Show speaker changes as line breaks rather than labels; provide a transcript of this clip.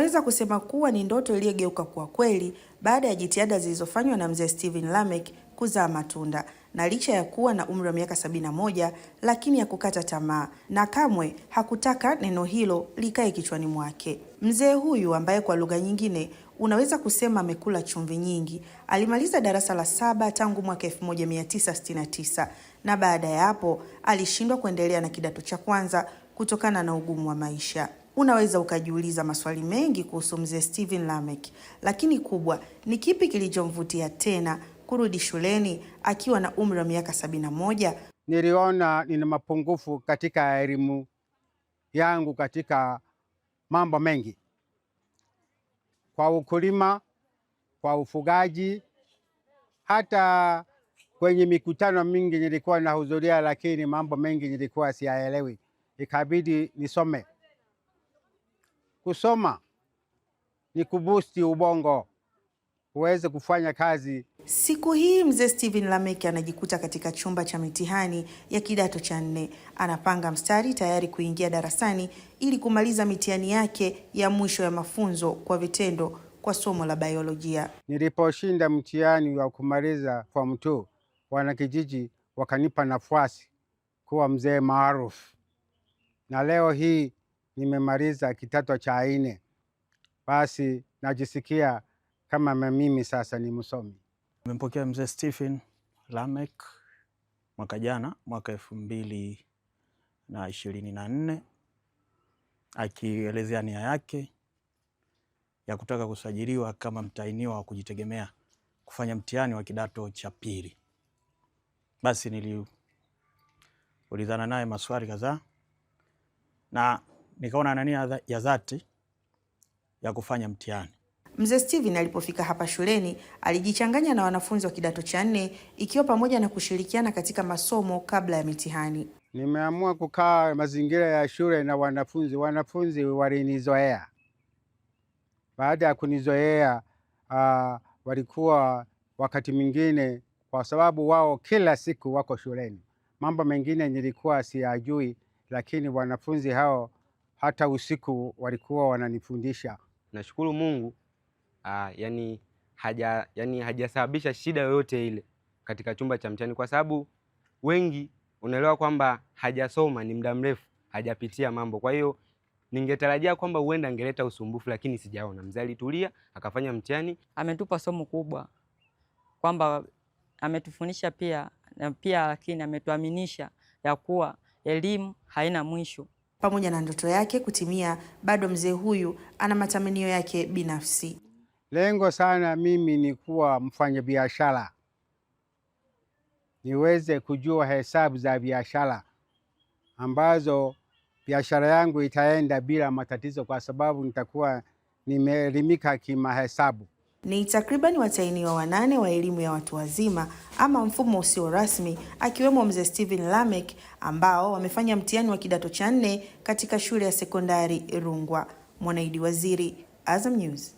Tunaweza kusema kuwa ni ndoto iliyogeuka kuwa kweli baada ya jitihada zilizofanywa na mzee Steven lamek kuzaa matunda na licha ya kuwa na umri wa miaka 71 lakini kukata tamaa na kamwe hakutaka neno hilo likae kichwani mwake. Mzee huyu ambaye kwa lugha nyingine unaweza kusema amekula chumvi nyingi, alimaliza darasa la saba tangu mwaka 1969 na baada ya hapo alishindwa kuendelea na kidato cha kwanza kutokana na ugumu wa maisha. Unaweza ukajiuliza maswali mengi kuhusu mzee Steven Lamek, lakini kubwa ni kipi kilichomvutia tena kurudi shuleni akiwa na umri wa miaka sabini na moja?
Niliona nina mapungufu katika elimu yangu katika mambo mengi, kwa ukulima, kwa ufugaji, hata kwenye mikutano mingi nilikuwa nahudhuria, lakini mambo mengi nilikuwa siyaelewi, ikabidi nisome Kusoma ni kubusti ubongo uweze kufanya kazi.
Siku hii mzee Steven Lameki anajikuta katika chumba cha mitihani ya kidato cha nne, anapanga mstari tayari kuingia darasani ili kumaliza mitihani yake ya mwisho ya mafunzo kwa vitendo kwa somo la biolojia.
Niliposhinda mtihani wa kumaliza form wana wanakijiji wakanipa nafasi kuwa mzee maarufu, na leo hii nimemaliza kitato cha nne, basi najisikia kama mimi sasa ni msomi.
Nimempokea mzee Stephen Lamek mwaka jana, mwaka elfu mbili na ishirini na nne akielezea nia yake ya kutaka kusajiliwa kama mtahiniwa wa kujitegemea kufanya mtihani wa kidato cha pili. Basi niliulizana naye maswali kadhaa na nikaona na nia ya dhati ya kufanya mtihani.
Mzee Steven alipofika hapa shuleni alijichanganya na wanafunzi wa kidato cha nne, ikiwa pamoja na kushirikiana katika masomo kabla ya mitihani.
Nimeamua kukaa mazingira ya shule na wanafunzi. Wanafunzi walinizoea, baada ya kunizoea uh, walikuwa wakati mwingine, kwa sababu wao kila siku wako shuleni, mambo mengine nilikuwa siyajui, lakini wanafunzi hao hata usiku walikuwa wananifundisha.
Nashukuru Mungu aa, ah, yani haja yani hajasababisha shida yoyote ile katika chumba cha mtihani, kwa sababu wengi unaelewa kwamba hajasoma ni muda mrefu, hajapitia mambo. Kwa hiyo ningetarajia kwamba huenda angeleta usumbufu, lakini sijaona. Mzee alitulia akafanya mtihani.
Ametupa somo kubwa kwamba ametufundisha pia na pia, lakini ametuaminisha ya kuwa elimu haina mwisho
pamoja na ndoto yake kutimia, bado mzee huyu ana matamanio yake binafsi.
Lengo sana mimi ni kuwa mfanyabiashara, niweze kujua hesabu za biashara ambazo biashara yangu itaenda bila matatizo, kwa sababu nitakuwa nimeelimika kimahesabu.
Ni takriban watahiniwa wanane wa elimu ya watu wazima ama mfumo usio rasmi akiwemo Mzee Steven lamek ambao wamefanya mtihani wa kidato cha nne katika shule ya sekondari Rungwa. Mwanaidi Waziri, Azam News.